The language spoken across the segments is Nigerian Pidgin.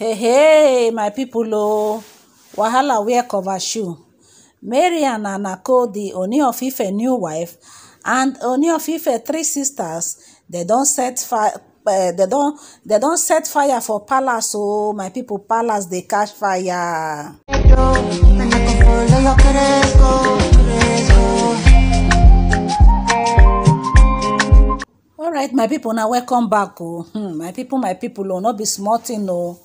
hey hey my people Oh, wahala wear cover shoe mariam anako di oni of ife new wife and oni of ife three sisters They don set fire eh, They don set fire for palace Oh, my people palace dey catch fire All right, my people. na welcome back o oh. hmm, my people. my people o oh, no be small tin o oh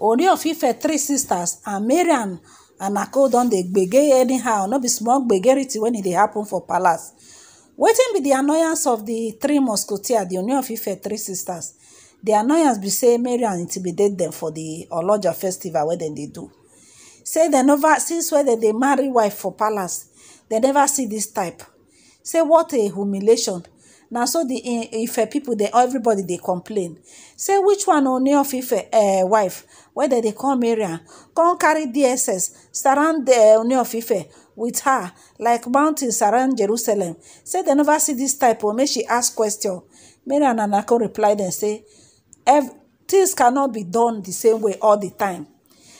ori of ife three sisters and mariam and ako don dey gbege anyhow no be small gbegerity wen e dey happen for palace wetin be di annoyance of di three musketeers di ori of ife three sisters di annoyance be say mariam intimidate dem for di oloja festival wey dem dey do say dem never since wey dem dey marry wife for palace dem never see dis type say what a humiliation Now, so the eh, ife people they everybody they complain say which one only of ife eh, wife whether they call Miriam, come carry dss surround the eh, only your ife with her like mountains surround jerusalem say they never see this type of, oh, make she ask question marian nanako reply and say things cannot be done the same way all the time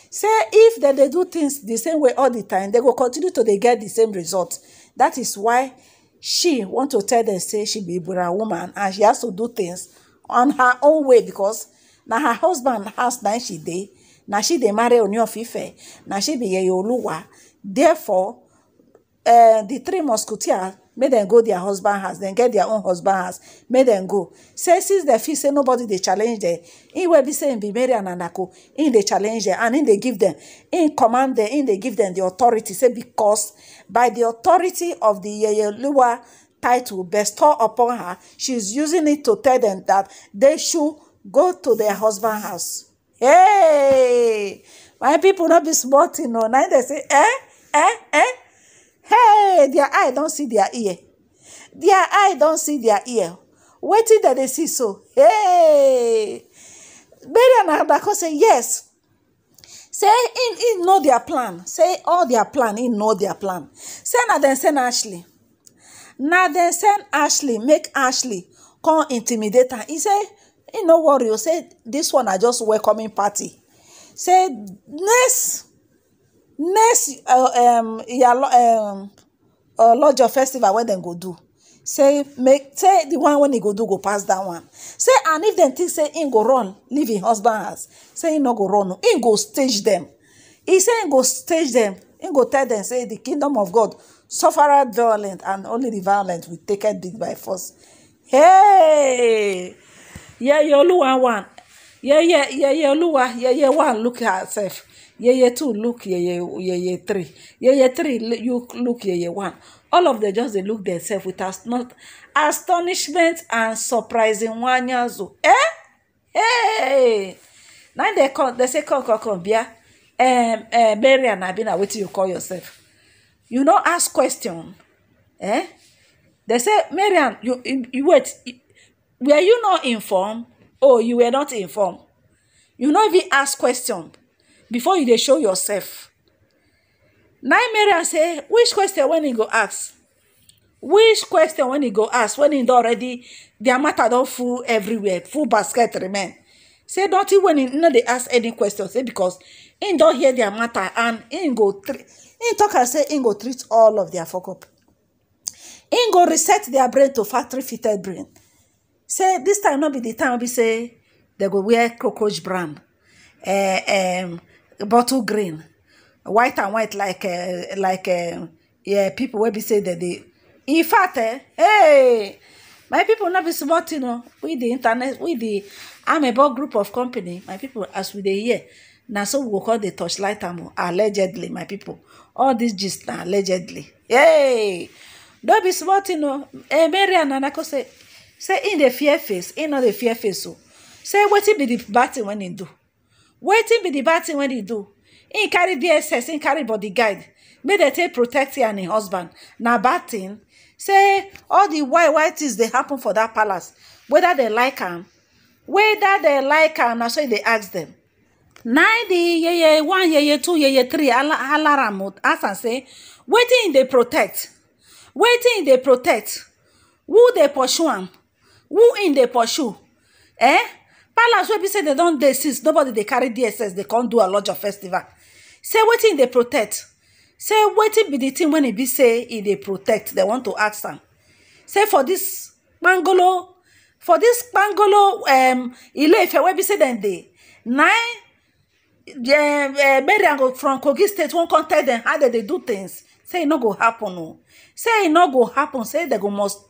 say if they they do things the same way all the time they will continue to they get the same result That is why she want to tell them say she be Ibura woman and she has to do things on her own way because now her husband has na she dey now she dey marry on your Ife now she be Yeye Oluwa therefore uh, the three musketeers May them go their husband house then get their own husband house May them go say since the feel say nobody they challenge them. In wey be say in be mary and anako challenge them and in they give them. In command them, in they give them the authority say because by the authority of the yeyeliwa title bestow upon her she's using it to tell them that they should go to their husband house hey my people not be smart? You know, na they say eh eh eh hey their eye don't see their ear their eye don't see their ear wetin dem they see so hey mary and adako say yes say im im know their plan say all their plan im know their plan say na dem send ashley na dem send ashley make ashley come intimidate am e say you no worry say this one na just welcoming party say next next uh, um, um, iyalojo uh, festival wey dem go do say make say the one when he go do go pass that one say and if dem think say im go run leave im husband house say he no go run im go stage them. He say he go stage them. He go tell them say the kingdom of god sufferer violent and only the violent will take it by force hey yeye oluwa one yeah, yeah, yeah, yeye yeye Yeah, yeah, one look at herself yeye two look yeye yeye three yeye three look, look yeye one all of them just dey look themselves with as not astonishment and surprising wanyazo eh hey na dey come dey say come come come bia um, uh, mary and abi na wetin you call yourself you no ask question eh dey say marian you, you wait were you not informed oh you were not informed you no even ask question before you dey show yourself na im Mariam say which question wen he go ask which question wen he go ask wen he don already their matter don full everywhere full basket remain say nothing when he no dey ask any question say because he don hear their matter and he go treat he talk am say he go treat all of their fuck up he go reset their brain to factory fitted brain say this time no be the time be say they go wear cockroach brand uh, um, bottle green white and white like uh, like uh, yeah people will be say that they in fact eh, hey my people not be smart you oh. know with the internet with the I'm a board group of company my people as we they hear now so we go call the torchlight am oh, allegedly my people all this just now allegedly hey don't be smart, you oh. know. eh mary and anako say say in the fear face in not the fear face so say he be the bad when he do Waiting be the bad thing when he do He carry dss He carry body guide. make dem take protect her and her husband na bad thing say all the white white things they happen for that palace Whether they like him, whether they like him. na so they dey ask dem na di yeye one yeye two yeye three alaram ask am say waiting they protect Waiting they protect who they pursue am who im dey pursue eh palace wey be say dem don dey since nobody dey carry dss dey come do aloja festival say wetin dey protect say wetin be the thing when e be say e dey protect They want to ask am say for this kpangolo for this kpangolo um, ileife wey be say dem dey na e, um, eh, mariam from kogi state wan come tell dem how dem dey do things say e no go happen o oh. say e no go happen say dem go must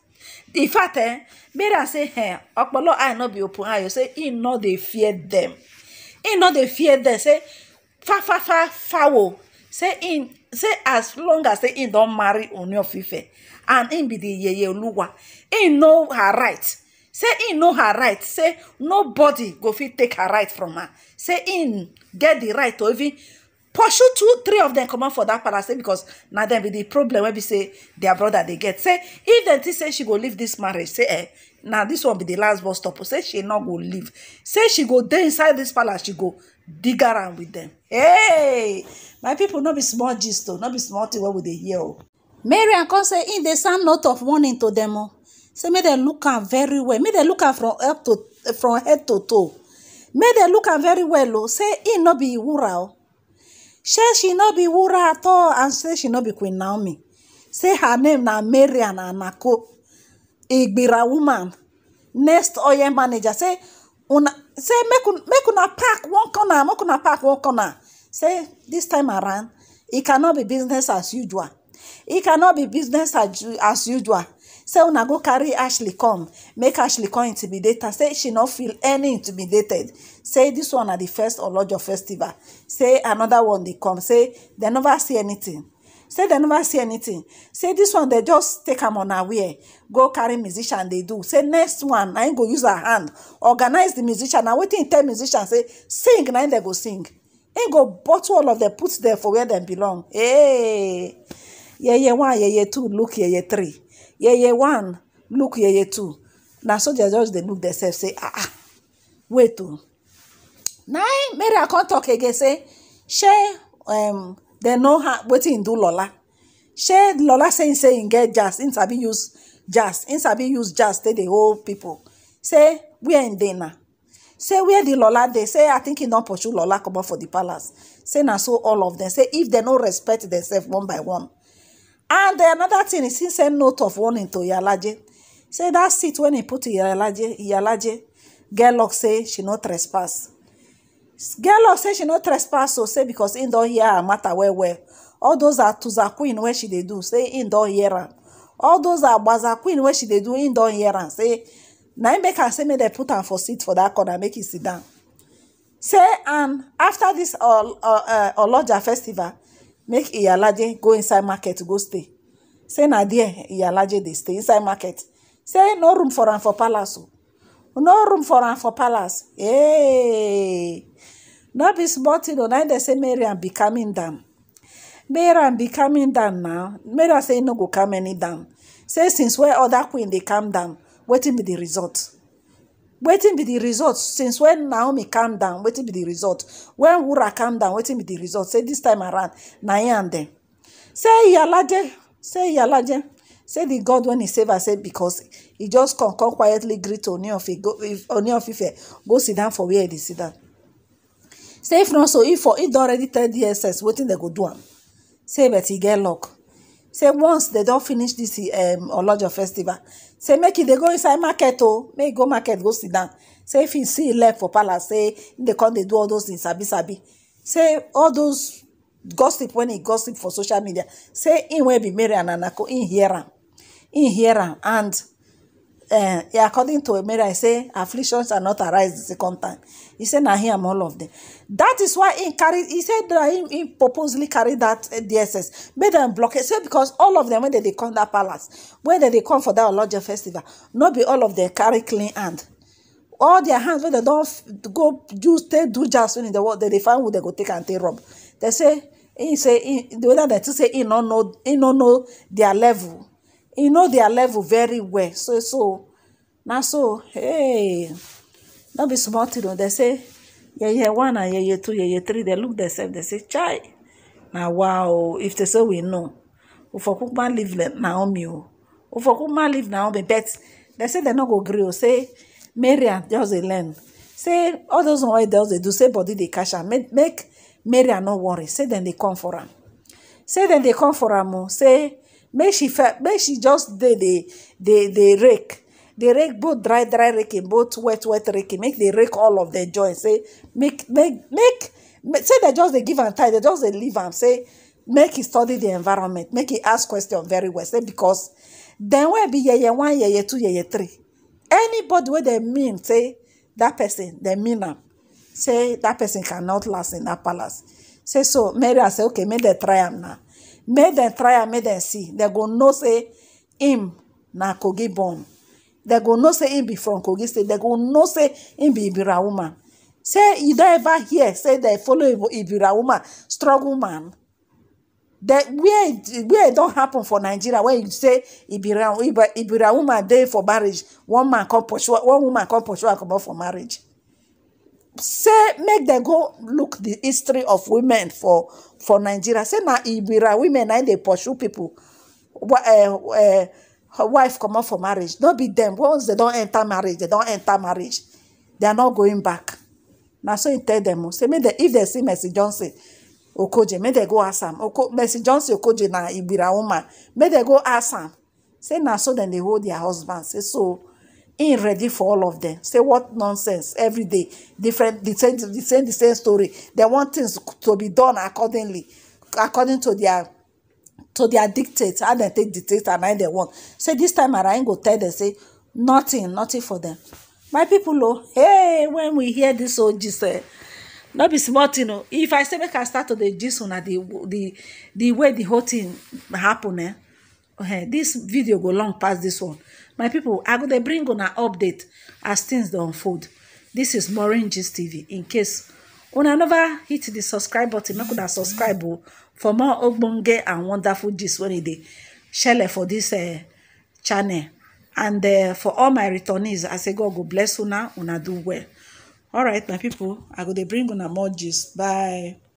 in fact eh, Mary say eh, ọpọlọ eye no be open eye say him no dey fear dem him no dey fear dem say fa fa fa fowl say him say as long as say him don marry Ooni of Ife and him be the yeye Oluwa him know her right say him know her right say nobody go fit take her right from her say him get the right to even pursue two three of them come out for that palace because now them be the problem wey we say their brother they get say if the think say she go leave this marriage say eh now this one be the last bus stop say she not go leave say she go dey inside this palace she go dig around with them hey my people not be small gist o oh. not be small thing what would they hear oh. Mary and Con say in dey sound note of warning to them oh say may they look am very well may they look am from up to from head to toe may they look am very well oh say in no be wura o she no be wura all and say she no be queen naomi say her name na marian anako igbira woman next manager say una say mekuna pack corner make una pack one corner say this time around e cannot be business as usual e cannot be business as you say una go carry ashley come make ashley come intimidate her say she no feel any intimidated say this one na the first olojo festival say another one dey come say dem never see anything. say dem never see anything. say this one dem just take am unaware go carry musician dey do say next one na im go use her hand Organize the musician na wetin im e tell musician say sing na im dem go sing im go bottle all of them put them for where dem belong hey yeye one yeye two look yeye three yeah, one look yeah, two na they just they look themselves say ah ah wait two. Oh. na mary i can't talk again say She um, they know waiting in do lola She lola saying saying get jazz im sabi use jazz im sabi use jazz they the hold people say we are dey na say where the lola they say i think don't pursue lola come for the palace say na so all of them say if they no respect themselves one by one And another thing is he sent note of warning to Yalaje. Say that seat when he put Yalaje, Iyalaje, Gerlock say she no trespass. Gerlock say she no trespass, so say because he don hear her matter well well. All those are to Tuza Queen where she they do, say he don hear am. All those are Gbaza Queen where she they do, he don hear am. Say, now make am say me they put am for seat for that corner, make e sit down. Say, and after this uh, uh, uh, Oloja festival, make iyalaje go inside market go stay say na there iyalaje dey stay inside market say no room for am for palace o no room for am for palace hey no be small tin o na dey say marian be coming down marian be coming down now marian say e no go calm any down say since wey other queen dey calm down wetin be di result wetin be the result since when naomi calm down wetin be the result when wura calm down wetin be the result say this time around na and dem say iyalaje say iyalaje say the god when He save her say becos e just come come quietly greet oni of ife eh, go sit down for where e dey sit down say if not so if for if don already tell dss wetin dem go do am say but he get luck say once they don finish this um olojo festival say make e dey go inside market o oh. make e go market go sit down say if e see e left for palace say e dey come dey do all those things sabi sabi say all those gossip when e gossip for social media say im wey be mary and anako im hear am im hear am and uh, according to Emera, he say afflictions are not arise the second time. He said, na hear all of them. That is why he carried, he said that he, he purposely carried that uh, eh, DSS, made them block it. Say because all of them, when they, they come that palace, when they, they come for that larger festival, not be all of them carry clean hand. All their hands, when they don't go use, take do just in the world, they, they find who they go take and take rob. They say, he say, he, the way that they say, he no know, he no know their level. You know their level very well so so na so hey no be small thing o dem say yeye one and yeye two yeye three dem look themselves dem say chai na wow if they say we know ofokuma leave naomi o ofokuma leave naomi Bet dem say dem no go gree o say mariam just dey learn say all those one wey dem dey do say body dey catch am make make mariam no worry say dem dey come for am say dem dey come for am o say make she make she just the dey rake The rake both dry dry raking both wet wet raking make the rake all of the joints. say make make make say they just they give and tie. They just they leave and say make he study the environment make he ask question very well say because then wey be year one year two year three anybody where they mean say that person they mean them. say that person cannot last in that palace say so mary say okay make they try am now make dem try am make dem see dem go know say him na kogi born dem go know say him be from kogi state dem go know say him be ibira woman say you don ever hear say dem follow ibira woman struggle man where e don happen for nigeria when you say ibira woman dey for marriage one man come pursue one woman come pursue her comot for marriage say make dem go look di history of women for for nigeria say na ibira women na im dey pursue pipo eh, eh, wife comot for marriage no be dem once dem don enter marriage dem don enter marriage dem no going back na so im tell dem say make dem if dem see mercy johnson okoje make dem go ask am oku johnson okoje na ibira woman make dem go ask am say na so dem dey hold dia husband say so. In ready for all of them. say what nonsense every day different the same the same the same story They want things to be done accordingly according to their to their dictate how they take dictate and how they want say this time around im go tell them. say nothing nothing for them. my people, o hey when we hear this, old gist eh no be smart, you oh. know. if i say make i start to the gist una the the the way the whole thing happen eh this video go long past this one my people. i go they bring on an update as things dey unfold This is gist tv in case una never hit the subscribe button make una subscribe o oh, for more ogbonge and wonderful gist wey e share shele for dis eh, channel and eh, for all my returnees i say god go bless una una do well All right, my people. i go they bring on a more gist bye